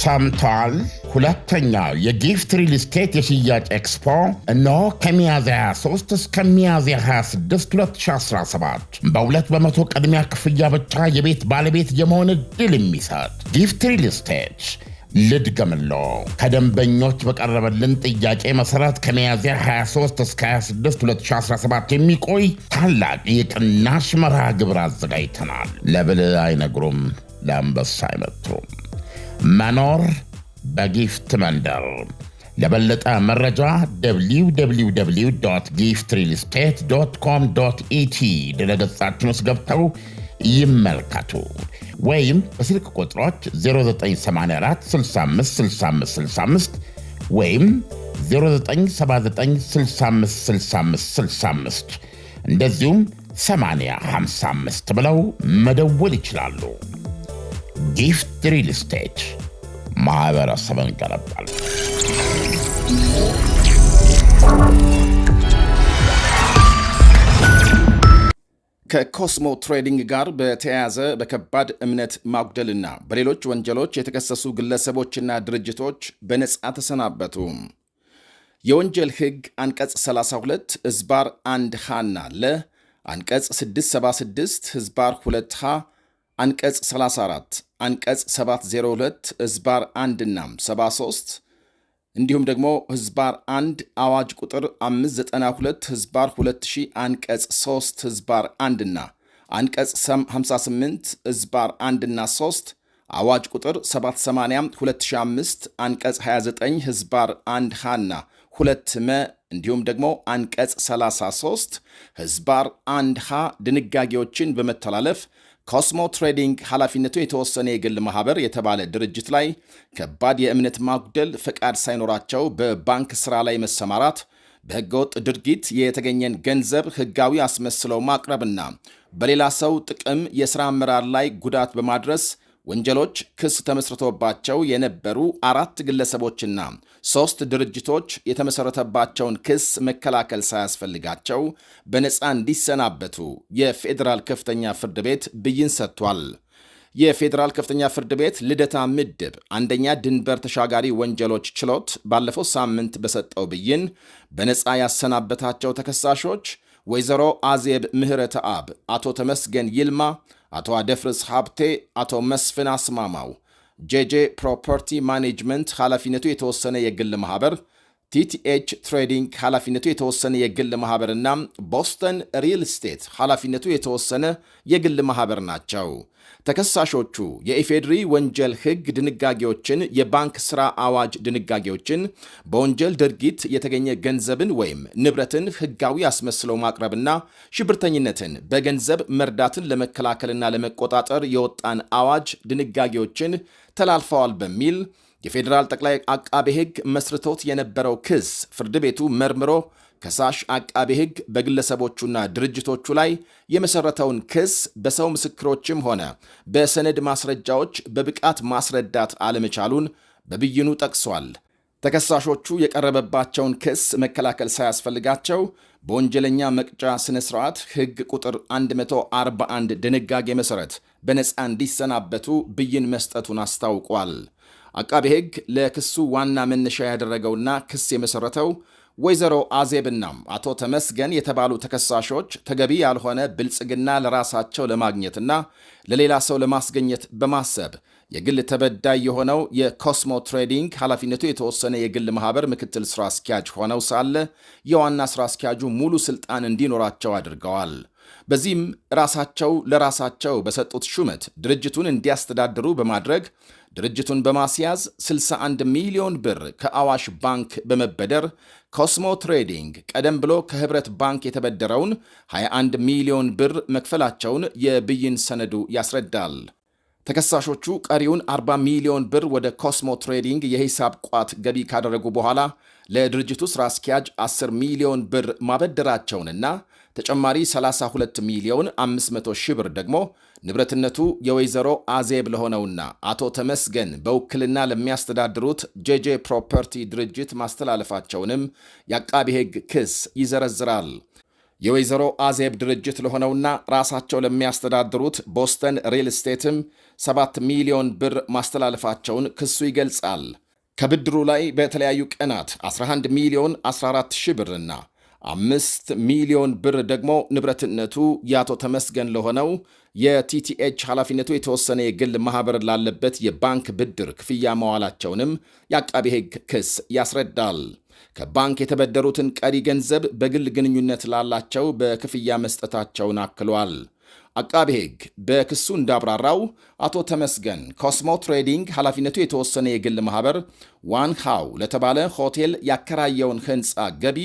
ሰምተዋል። ሁለተኛው የጊፍት ሪል ስቴት የሽያጭ ኤክስፖ እነሆ ከሚያዝያ 23 እስከ ሚያዝያ 26 2017 በሁለት በመቶ ቅድሚያ ክፍያ ብቻ የቤት ባለቤት የመሆን እድል የሚሰጥ ጊፍት ሪል ስቴት ልድገምሎ ከደንበኞች በቀረበልን ጥያቄ መሰረት ከሚያዝያ 23 እስከ 26 2017 የሚቆይ ታላቅ የቅናሽ መርሃ ግብር አዘጋጅተናል። ለብል አይነግሩም፣ ለአንበሳ አይመትሩም። መኖር በጊፍት መንደር። ለበለጠ መረጃ www ጊፍት ሪል ስቴት ኮም ኢቲ ድረገጻችን ውስጥ ገብተው ይመልከቱ ወይም በስልክ ቁጥሮች 0984656565 ወይም 0979656565 እንደዚሁም 855 ብለው መደወል ይችላሉ። ጊፍት ሪል ስቴት ማህበረሰብን ይገነባል። ከኮስሞ ትሬዲንግ ጋር በተያያዘ በከባድ እምነት ማጉደልና በሌሎች ወንጀሎች የተከሰሱ ግለሰቦችና ድርጅቶች በነፃ ተሰናበቱ። የወንጀል ሕግ አንቀጽ 32 ህዝባር 1 ሀና ለ አንቀጽ 676 ህዝባር 2 ሀ አንቀጽ 34 አንቀጽ 702 ህዝባር 1 እና 73 እንዲሁም ደግሞ ህዝባር 1 አዋጅ ቁጥር 592 ህዝባር 2000 አንቀጽ 3 ህዝባር 1 እና አንቀጽ 58 ህዝባር 1 እና 3 አዋጅ ቁጥር 780 2005 አንቀጽ 29 ህዝባር 1 ሃና 2 መ እንዲሁም ደግሞ አንቀጽ 33 ህዝባር 1 ሃ ድንጋጌዎችን በመተላለፍ ኮስሞ ትሬዲንግ ኃላፊነቱ የተወሰነ የግል ማህበር የተባለ ድርጅት ላይ ከባድ የእምነት ማጉደል፣ ፈቃድ ሳይኖራቸው በባንክ ስራ ላይ መሰማራት፣ በህገወጥ ድርጊት የተገኘን ገንዘብ ህጋዊ አስመስለው ማቅረብና በሌላ ሰው ጥቅም የሥራ አመራር ላይ ጉዳት በማድረስ ወንጀሎች ክስ ተመስርቶባቸው የነበሩ አራት ግለሰቦችና ሦስት ድርጅቶች የተመሠረተባቸውን ክስ መከላከል ሳያስፈልጋቸው በነፃ እንዲሰናበቱ የፌዴራል ከፍተኛ ፍርድ ቤት ብይን ሰጥቷል። የፌዴራል ከፍተኛ ፍርድ ቤት ልደታ ምድብ አንደኛ ድንበር ተሻጋሪ ወንጀሎች ችሎት ባለፈው ሳምንት በሰጠው ብይን በነፃ ያሰናበታቸው ተከሳሾች ወይዘሮ አዜብ ምህረተ አብ፣ አቶ ተመስገን ይልማ፣ አቶ አደፍርስ ሀብቴ፣ አቶ መስፍን አስማማው ጄጄ ፕሮፐርቲ ማኔጅመንት ኃላፊነቱ የተወሰነ የግል ማህበር ቲቲኤች ትሬዲንግ ኃላፊነቱ የተወሰነ የግል ማኅበርና ቦስተን ሪል ስቴት ኃላፊነቱ የተወሰነ የግል ማኅበር ናቸው። ተከሳሾቹ የኢፌድሪ ወንጀል ሕግ ድንጋጌዎችን፣ የባንክ ሥራ አዋጅ ድንጋጌዎችን፣ በወንጀል ድርጊት የተገኘ ገንዘብን ወይም ንብረትን ሕጋዊ አስመስለው ማቅረብና ሽብርተኝነትን በገንዘብ መርዳትን ለመከላከልና ለመቆጣጠር የወጣን አዋጅ ድንጋጌዎችን ተላልፈዋል በሚል የፌዴራል ጠቅላይ አቃቤ ሕግ መስርቶት የነበረው ክስ ፍርድ ቤቱ መርምሮ ከሳሽ አቃቤ ሕግ በግለሰቦቹና ድርጅቶቹ ላይ የመሰረተውን ክስ በሰው ምስክሮችም ሆነ በሰነድ ማስረጃዎች በብቃት ማስረዳት አለመቻሉን በብይኑ ጠቅሷል። ተከሳሾቹ የቀረበባቸውን ክስ መከላከል ሳያስፈልጋቸው በወንጀለኛ መቅጫ ሥነ ሥርዓት ሕግ ቁጥር 141 ድንጋጌ መሠረት በነፃ እንዲሰናበቱ ብይን መስጠቱን አስታውቋል። አቃቤ ሕግ ለክሱ ዋና መነሻ ያደረገውና ክስ የመሰረተው ወይዘሮ አዜብና አቶ ተመስገን የተባሉ ተከሳሾች ተገቢ ያልሆነ ብልጽግና ለራሳቸው ለማግኘትና ለሌላ ሰው ለማስገኘት በማሰብ የግል ተበዳይ የሆነው የኮስሞ ትሬዲንግ ኃላፊነቱ የተወሰነ የግል ማህበር ምክትል ስራ አስኪያጅ ሆነው ሳለ የዋና ስራ አስኪያጁ ሙሉ ስልጣን እንዲኖራቸው አድርገዋል። በዚህም ራሳቸው ለራሳቸው በሰጡት ሹመት ድርጅቱን እንዲያስተዳድሩ በማድረግ ድርጅቱን በማስያዝ 61 ሚሊዮን ብር ከአዋሽ ባንክ በመበደር ኮስሞ ትሬዲንግ ቀደም ብሎ ከህብረት ባንክ የተበደረውን 21 ሚሊዮን ብር መክፈላቸውን የብይን ሰነዱ ያስረዳል። ተከሳሾቹ ቀሪውን 40 ሚሊዮን ብር ወደ ኮስሞ ትሬዲንግ የሂሳብ ቋት ገቢ ካደረጉ በኋላ ለድርጅቱ ሥራ አስኪያጅ 10 ሚሊዮን ብር ማበደራቸውንና ተጨማሪ 32 ሚሊዮን 500 ሺህ ብር ደግሞ ንብረትነቱ የወይዘሮ አዜብ ለሆነውና አቶ ተመስገን በውክልና ለሚያስተዳድሩት ጄጄ ፕሮፐርቲ ድርጅት ማስተላለፋቸውንም የአቃቢ ሕግ ክስ ይዘረዝራል። የወይዘሮ አዜብ ድርጅት ለሆነውና ራሳቸው ለሚያስተዳድሩት ቦስተን ሪል ስቴትም 7 ሚሊዮን ብር ማስተላለፋቸውን ክሱ ይገልጻል። ከብድሩ ላይ በተለያዩ ቀናት 11 ሚሊዮን 14 ሺህ ብርና አምስት ሚሊዮን ብር ደግሞ ንብረትነቱ የአቶ ተመስገን ለሆነው የቲቲኤች ኃላፊነቱ የተወሰነ የግል ማኅበር ላለበት የባንክ ብድር ክፍያ መዋላቸውንም የአቃቤ ሕግ ክስ ያስረዳል። ከባንክ የተበደሩትን ቀሪ ገንዘብ በግል ግንኙነት ላላቸው በክፍያ መስጠታቸውን አክሏል። አቃቤ ሕግ በክሱ እንዳብራራው አቶ ተመስገን ኮስሞ ትሬዲንግ ኃላፊነቱ የተወሰነ የግል ማኅበር ዋን ሃው ለተባለ ሆቴል ያከራየውን ሕንፃ ገቢ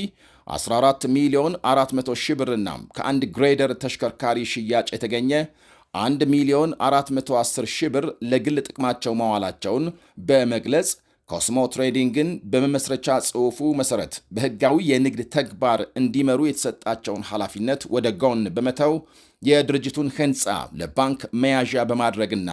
14 ሚሊዮን 400 ሺህ ብርና ከአንድ ግሬደር ተሽከርካሪ ሽያጭ የተገኘ 1 ሚሊዮን 410 ሺህ ብር ለግል ጥቅማቸው መዋላቸውን በመግለጽ ኮስሞ ትሬዲንግን በመመስረቻ ጽሑፉ መሠረት በሕጋዊ የንግድ ተግባር እንዲመሩ የተሰጣቸውን ኃላፊነት ወደ ጎን በመተው የድርጅቱን ሕንፃ ለባንክ መያዣ በማድረግና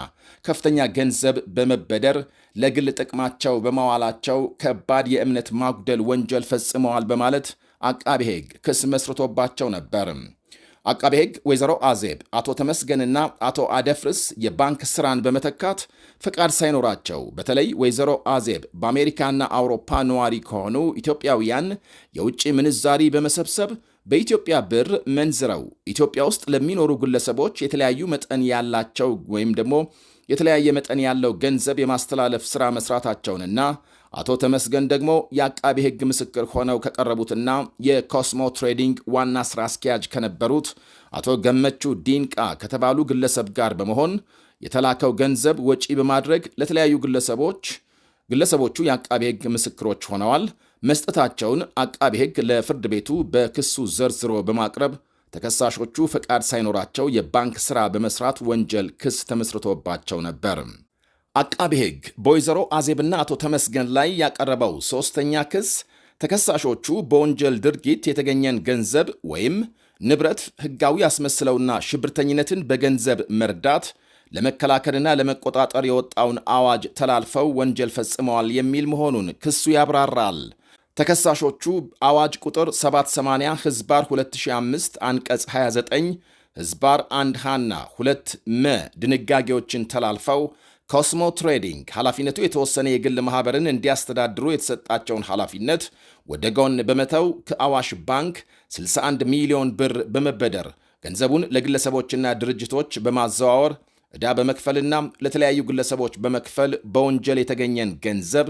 ከፍተኛ ገንዘብ በመበደር ለግል ጥቅማቸው በማዋላቸው ከባድ የእምነት ማጉደል ወንጀል ፈጽመዋል በማለት አቃቤ ሕግ ክስ መስርቶባቸው ነበር። አቃቤ ሕግ ወይዘሮ አዜብ አቶ ተመስገንና አቶ አደፍርስ የባንክ ስራን በመተካት ፍቃድ ሳይኖራቸው በተለይ ወይዘሮ አዜብ በአሜሪካና አውሮፓ ነዋሪ ከሆኑ ኢትዮጵያውያን የውጭ ምንዛሪ በመሰብሰብ በኢትዮጵያ ብር መንዝረው ኢትዮጵያ ውስጥ ለሚኖሩ ግለሰቦች የተለያዩ መጠን ያላቸው ወይም ደግሞ የተለያየ መጠን ያለው ገንዘብ የማስተላለፍ ሥራ መስራታቸውንና አቶ ተመስገን ደግሞ የአቃቤ ሕግ ምስክር ሆነው ከቀረቡትና የኮስሞ ትሬዲንግ ዋና ሥራ አስኪያጅ ከነበሩት አቶ ገመቹ ዲንቃ ከተባሉ ግለሰብ ጋር በመሆን የተላከው ገንዘብ ወጪ በማድረግ ለተለያዩ ግለሰቦች ግለሰቦቹ የአቃቤ ሕግ ምስክሮች ሆነዋል መስጠታቸውን አቃቤ ሕግ ለፍርድ ቤቱ በክሱ ዘርዝሮ በማቅረብ ተከሳሾቹ ፈቃድ ሳይኖራቸው የባንክ ሥራ በመስራት ወንጀል ክስ ተመስርቶባቸው ነበር። አቃቢ ሕግ በወይዘሮ አዜብና አቶ ተመስገን ላይ ያቀረበው ሦስተኛ ክስ ተከሳሾቹ በወንጀል ድርጊት የተገኘን ገንዘብ ወይም ንብረት ሕጋዊ አስመስለውና ሽብርተኝነትን በገንዘብ መርዳት ለመከላከልና ለመቆጣጠር የወጣውን አዋጅ ተላልፈው ወንጀል ፈጽመዋል የሚል መሆኑን ክሱ ያብራራል። ተከሳሾቹ አዋጅ ቁጥር 780 ህዝባር 2005 አንቀጽ 29 ህዝባር 1 ሃና 2 መ ድንጋጌዎችን ተላልፈው ኮስሞ ትሬዲንግ ኃላፊነቱ የተወሰነ የግል ማኅበርን እንዲያስተዳድሩ የተሰጣቸውን ኃላፊነት ወደ ጎን በመተው ከአዋሽ ባንክ 61 ሚሊዮን ብር በመበደር ገንዘቡን ለግለሰቦችና ድርጅቶች በማዘዋወር ዕዳ በመክፈልና ለተለያዩ ግለሰቦች በመክፈል በወንጀል የተገኘን ገንዘብ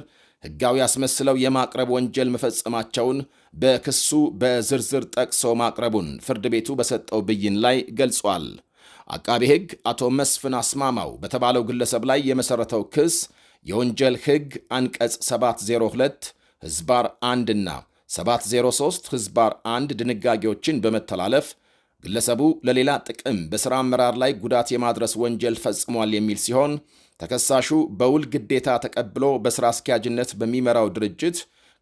ሕጋዊ አስመስለው የማቅረብ ወንጀል መፈጸማቸውን በክሱ በዝርዝር ጠቅሶ ማቅረቡን ፍርድ ቤቱ በሰጠው ብይን ላይ ገልጿል። አቃቢ ሕግ አቶ መስፍን አስማማው በተባለው ግለሰብ ላይ የመሠረተው ክስ የወንጀል ሕግ አንቀጽ 702 ህዝባር 1 እና 703 ህዝባር 1 ድንጋጌዎችን በመተላለፍ ግለሰቡ ለሌላ ጥቅም በሥራ አመራር ላይ ጉዳት የማድረስ ወንጀል ፈጽሟል የሚል ሲሆን ተከሳሹ በውል ግዴታ ተቀብሎ በሥራ አስኪያጅነት በሚመራው ድርጅት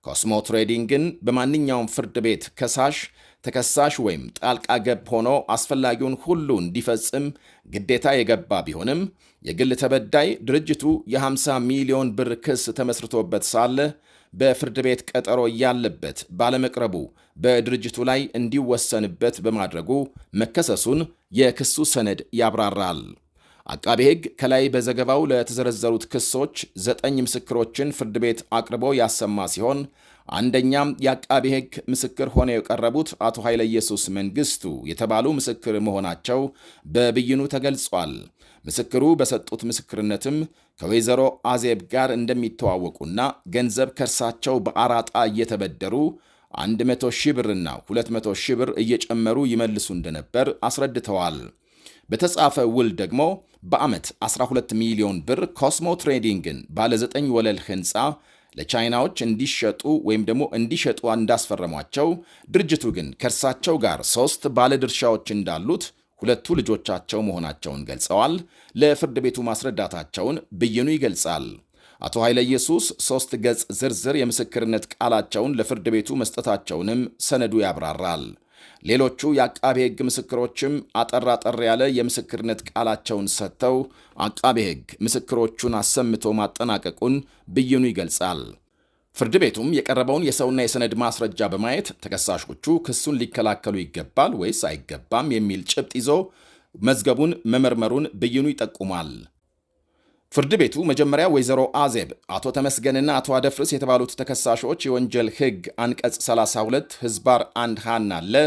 ኮስሞ ትሬዲንግን በማንኛውም ፍርድ ቤት ከሳሽ ተከሳሽ ወይም ጣልቃ ገብ ሆኖ አስፈላጊውን ሁሉ እንዲፈጽም ግዴታ የገባ ቢሆንም የግል ተበዳይ ድርጅቱ የ50 ሚሊዮን ብር ክስ ተመስርቶበት ሳለ በፍርድ ቤት ቀጠሮ ያለበት ባለመቅረቡ በድርጅቱ ላይ እንዲወሰንበት በማድረጉ መከሰሱን የክሱ ሰነድ ያብራራል። አቃቤ ሕግ ከላይ በዘገባው ለተዘረዘሩት ክሶች ዘጠኝ ምስክሮችን ፍርድ ቤት አቅርቦ ያሰማ ሲሆን አንደኛም የአቃቤ ሕግ ምስክር ሆነው የቀረቡት አቶ ኃይለ ኢየሱስ መንግስቱ የተባሉ ምስክር መሆናቸው በብይኑ ተገልጿል። ምስክሩ በሰጡት ምስክርነትም ከወይዘሮ አዜብ ጋር እንደሚተዋወቁና ገንዘብ ከእርሳቸው በአራጣ እየተበደሩ 100 ሺህ ብርና 200 ሺህ ብር እየጨመሩ ይመልሱ እንደነበር አስረድተዋል። በተጻፈ ውል ደግሞ በዓመት 12 ሚሊዮን ብር ኮስሞ ትሬዲንግን ባለ 9 ወለል ህንፃ። ለቻይናዎች እንዲሸጡ ወይም ደግሞ እንዲሸጡ እንዳስፈረሟቸው፣ ድርጅቱ ግን ከእርሳቸው ጋር ሶስት ባለድርሻዎች እንዳሉት ሁለቱ ልጆቻቸው መሆናቸውን ገልጸዋል። ለፍርድ ቤቱ ማስረዳታቸውን ብይኑ ይገልጻል። አቶ ኃይለ ኢየሱስ ሶስት ገጽ ዝርዝር የምስክርነት ቃላቸውን ለፍርድ ቤቱ መስጠታቸውንም ሰነዱ ያብራራል። ሌሎቹ የአቃቤ ሕግ ምስክሮችም አጠር አጠር ያለ የምስክርነት ቃላቸውን ሰጥተው አቃቤ ሕግ ምስክሮቹን አሰምቶ ማጠናቀቁን ብይኑ ይገልጻል። ፍርድ ቤቱም የቀረበውን የሰውና የሰነድ ማስረጃ በማየት ተከሳሾቹ ክሱን ሊከላከሉ ይገባል ወይስ አይገባም የሚል ጭብጥ ይዞ መዝገቡን መመርመሩን ብይኑ ይጠቁማል። ፍርድ ቤቱ መጀመሪያ ወይዘሮ አዜብ፣ አቶ ተመስገንና አቶ አደፍርስ የተባሉት ተከሳሾች የወንጀል ህግ አንቀጽ 32 ህዝባር 1 ሀና ለ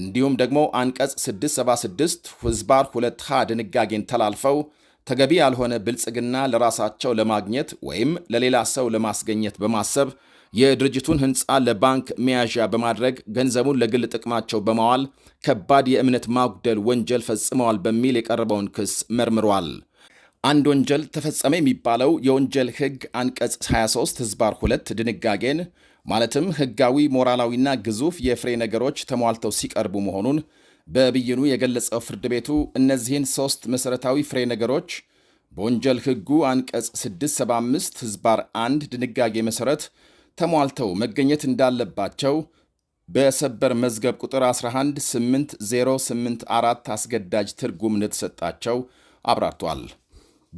እንዲሁም ደግሞ አንቀጽ 676 ህዝባር 2 ሀ ድንጋጌን ተላልፈው ተገቢ ያልሆነ ብልጽግና ለራሳቸው ለማግኘት ወይም ለሌላ ሰው ለማስገኘት በማሰብ የድርጅቱን ህንፃ ለባንክ መያዣ በማድረግ ገንዘቡን ለግል ጥቅማቸው በማዋል ከባድ የእምነት ማጉደል ወንጀል ፈጽመዋል በሚል የቀረበውን ክስ መርምሯል። አንድ ወንጀል ተፈጸመ የሚባለው የወንጀል ሕግ አንቀጽ 23 ህዝባር 2 ድንጋጌን ማለትም ህጋዊ፣ ሞራላዊና ግዙፍ የፍሬ ነገሮች ተሟልተው ሲቀርቡ መሆኑን በብይኑ የገለጸው ፍርድ ቤቱ እነዚህን ሦስት መሠረታዊ ፍሬ ነገሮች በወንጀል ሕጉ አንቀጽ 675 ህዝባር 1 ድንጋጌ መሠረት ተሟልተው መገኘት እንዳለባቸው በሰበር መዝገብ ቁጥር 11 4 አስገዳጅ ትርጉም እንደተሰጣቸው አብራርቷል።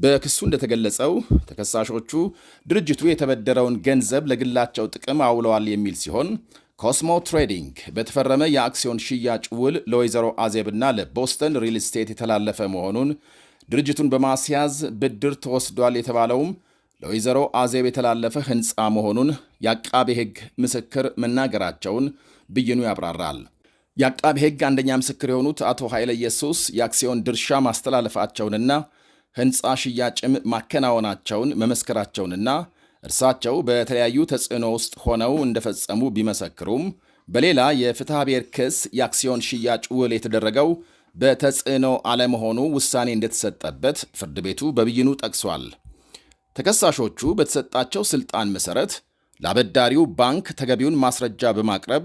በክሱ እንደተገለጸው ተከሳሾቹ ድርጅቱ የተበደረውን ገንዘብ ለግላቸው ጥቅም አውለዋል የሚል ሲሆን ኮስሞ ትሬዲንግ በተፈረመ የአክሲዮን ሽያጭ ውል ለወይዘሮ አዜብና ለቦስተን ሪል ስቴት የተላለፈ መሆኑን ድርጅቱን በማስያዝ ብድር ተወስዷል የተባለውም ለወይዘሮ አዜብ የተላለፈ ሕንፃ መሆኑን የአቃቤ ሕግ ምስክር መናገራቸውን ብይኑ ያብራራል። የአቃቤ ሕግ አንደኛ ምስክር የሆኑት አቶ ኃይለ ኢየሱስ የአክሲዮን ድርሻ ማስተላለፋቸውንና ሕንፃ ሽያጭም ማከናወናቸውን መመስከራቸውንና እርሳቸው በተለያዩ ተጽዕኖ ውስጥ ሆነው እንደፈጸሙ ቢመሰክሩም በሌላ የፍትሐ ብሔር ክስ የአክሲዮን ሽያጭ ውል የተደረገው በተጽዕኖ አለመሆኑ ውሳኔ እንደተሰጠበት ፍርድ ቤቱ በብይኑ ጠቅሷል። ተከሳሾቹ በተሰጣቸው ስልጣን መሠረት ለአበዳሪው ባንክ ተገቢውን ማስረጃ በማቅረብ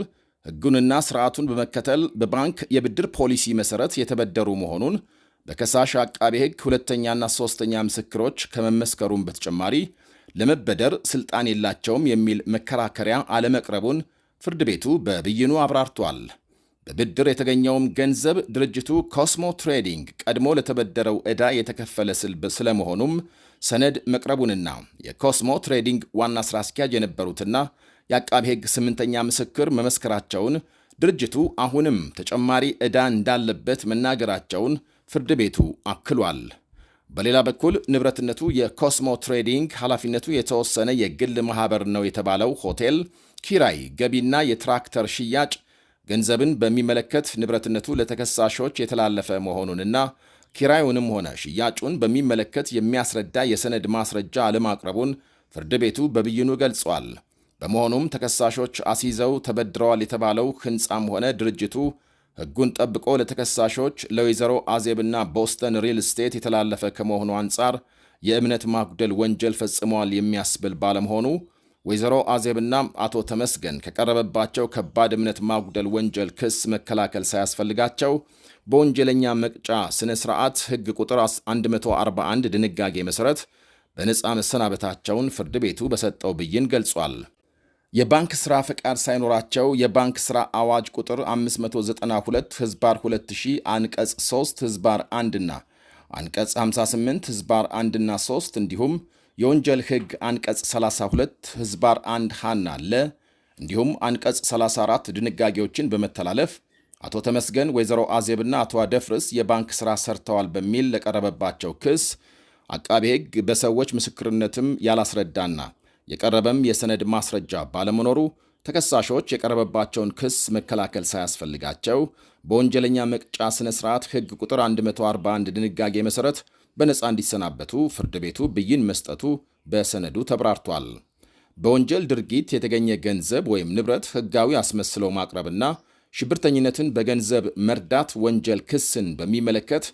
ሕጉንና ሥርዓቱን በመከተል በባንክ የብድር ፖሊሲ መሠረት የተበደሩ መሆኑን ለከሳሽ አቃቤ ሕግ ሁለተኛና ሶስተኛ ምስክሮች ከመመስከሩም በተጨማሪ ለመበደር ስልጣን የላቸውም የሚል መከራከሪያ አለመቅረቡን ፍርድ ቤቱ በብይኑ አብራርቷል። በብድር የተገኘውም ገንዘብ ድርጅቱ ኮስሞ ትሬዲንግ ቀድሞ ለተበደረው ዕዳ የተከፈለ ስልብ ስለመሆኑም ሰነድ መቅረቡንና የኮስሞ ትሬዲንግ ዋና ሥራ አስኪያጅ የነበሩትና የአቃቤ ሕግ ስምንተኛ ምስክር መመስከራቸውን ድርጅቱ አሁንም ተጨማሪ ዕዳ እንዳለበት መናገራቸውን ፍርድ ቤቱ አክሏል። በሌላ በኩል ንብረትነቱ የኮስሞ ትሬዲንግ ኃላፊነቱ የተወሰነ የግል ማኅበር ነው የተባለው ሆቴል ኪራይ፣ ገቢና የትራክተር ሽያጭ ገንዘብን በሚመለከት ንብረትነቱ ለተከሳሾች የተላለፈ መሆኑንና ኪራዩንም ሆነ ሽያጩን በሚመለከት የሚያስረዳ የሰነድ ማስረጃ አለማቅረቡን ፍርድ ቤቱ በብይኑ ገልጿል። በመሆኑም ተከሳሾች አስይዘው ተበድረዋል የተባለው ሕንፃም ሆነ ድርጅቱ ህጉን ጠብቆ ለተከሳሾች ለወይዘሮ አዜብና ቦስተን ሪል ስቴት የተላለፈ ከመሆኑ አንጻር የእምነት ማጉደል ወንጀል ፈጽመዋል የሚያስብል ባለመሆኑ ወይዘሮ አዜብና አቶ ተመስገን ከቀረበባቸው ከባድ እምነት ማጉደል ወንጀል ክስ መከላከል ሳያስፈልጋቸው በወንጀለኛ መቅጫ ስነ ስርዓት ህግ ቁጥር 141 ድንጋጌ መሠረት በነፃ መሰናበታቸውን ፍርድ ቤቱ በሰጠው ብይን ገልጿል። የባንክ ስራ ፈቃድ ሳይኖራቸው የባንክ ስራ አዋጅ ቁጥር 592 ህዝባር 2000 አንቀጽ 3 ህዝባር 1 ና አንቀጽ 58 ህዝባር 1 ና 3 እንዲሁም የወንጀል ህግ አንቀጽ 32 ህዝባር 1 ሃና አለ እንዲሁም አንቀጽ 34 ድንጋጌዎችን በመተላለፍ አቶ ተመስገን ወይዘሮ አዜብና አቶ አደፍርስ የባንክ ሥራ ሰርተዋል በሚል ለቀረበባቸው ክስ አቃቤ ህግ በሰዎች ምስክርነትም ያላስረዳና የቀረበም የሰነድ ማስረጃ ባለመኖሩ ተከሳሾች የቀረበባቸውን ክስ መከላከል ሳያስፈልጋቸው በወንጀለኛ መቅጫ ሥነ ሥርዓት ሕግ ቁጥር 141 ድንጋጌ መሠረት በነፃ እንዲሰናበቱ ፍርድ ቤቱ ብይን መስጠቱ በሰነዱ ተብራርቷል። በወንጀል ድርጊት የተገኘ ገንዘብ ወይም ንብረት ሕጋዊ አስመስሎ ማቅረብና ሽብርተኝነትን በገንዘብ መርዳት ወንጀል ክስን በሚመለከት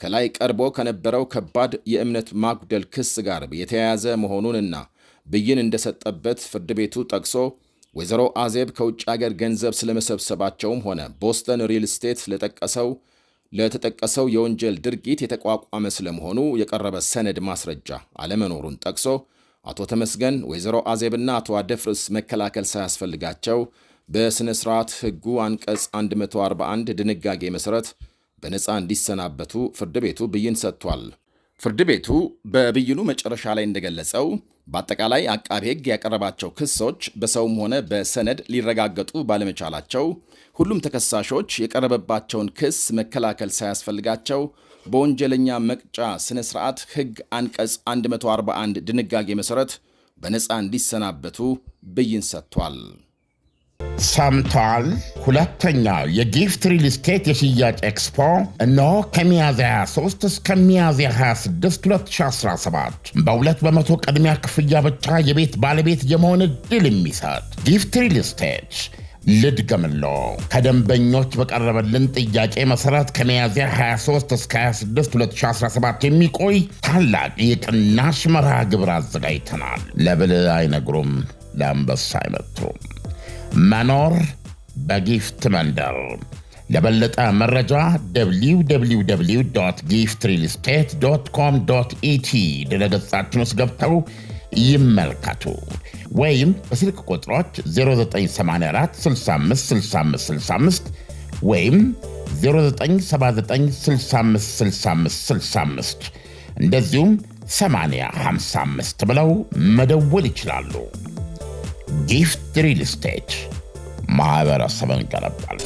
ከላይ ቀርቦ ከነበረው ከባድ የእምነት ማጉደል ክስ ጋር የተያያዘ መሆኑንና ብይን እንደሰጠበት ፍርድ ቤቱ ጠቅሶ ወይዘሮ አዜብ ከውጭ አገር ገንዘብ ስለመሰብሰባቸውም ሆነ ቦስተን ሪል ስቴት ለጠቀሰው ለተጠቀሰው የወንጀል ድርጊት የተቋቋመ ስለመሆኑ የቀረበ ሰነድ ማስረጃ አለመኖሩን ጠቅሶ አቶ ተመስገን ወይዘሮ አዜብና አቶ አደፍርስ መከላከል ሳያስፈልጋቸው በሥነ ሥርዓት ሕጉ አንቀጽ 141 ድንጋጌ መሠረት በነፃ እንዲሰናበቱ ፍርድ ቤቱ ብይን ሰጥቷል። ፍርድ ቤቱ በብይኑ መጨረሻ ላይ እንደገለጸው በአጠቃላይ አቃቤ ሕግ ያቀረባቸው ክሶች በሰውም ሆነ በሰነድ ሊረጋገጡ ባለመቻላቸው ሁሉም ተከሳሾች የቀረበባቸውን ክስ መከላከል ሳያስፈልጋቸው በወንጀለኛ መቅጫ ስነ ስርዓት ሕግ አንቀጽ 141 ድንጋጌ መሠረት በነፃ እንዲሰናበቱ ብይን ሰጥቷል። ሰምቷል ሁለተኛው የጊፍት ሪል ስቴት የሽያጭ ኤክስፖ እነሆ ከሚያዝያ 23 እስከ ሚያዝያ 26 2017 በሁለት በመቶ ቅድሚያ ክፍያ ብቻ የቤት ባለቤት የመሆን እድል የሚሰጥ ጊፍት ሪል ስቴት ልድገምሎ ከደንበኞች በቀረበልን ጥያቄ መሰረት ከሚያዝያ 23 እስከ 26 2017 የሚቆይ ታላቅ የቅናሽ መርሃ ግብር አዘጋጅተናል። ለብል አይነግሩም፣ ለአንበሳ አይመቱም። መኖር በጊፍት መንደር። ለበለጠ መረጃ www ጊፍት ሪል ስቴት ዶት ኮም ዶት ኢቲ ድረገጻችን ውስጥ ገብተው ይመልከቱ ወይም በስልክ ቁጥሮች 0984656565 ወይም 0979656565 እንደዚሁም 855 ብለው መደወል ይችላሉ። ጊፍት ሪል ስቴት ማህበረሰብን ገነባል።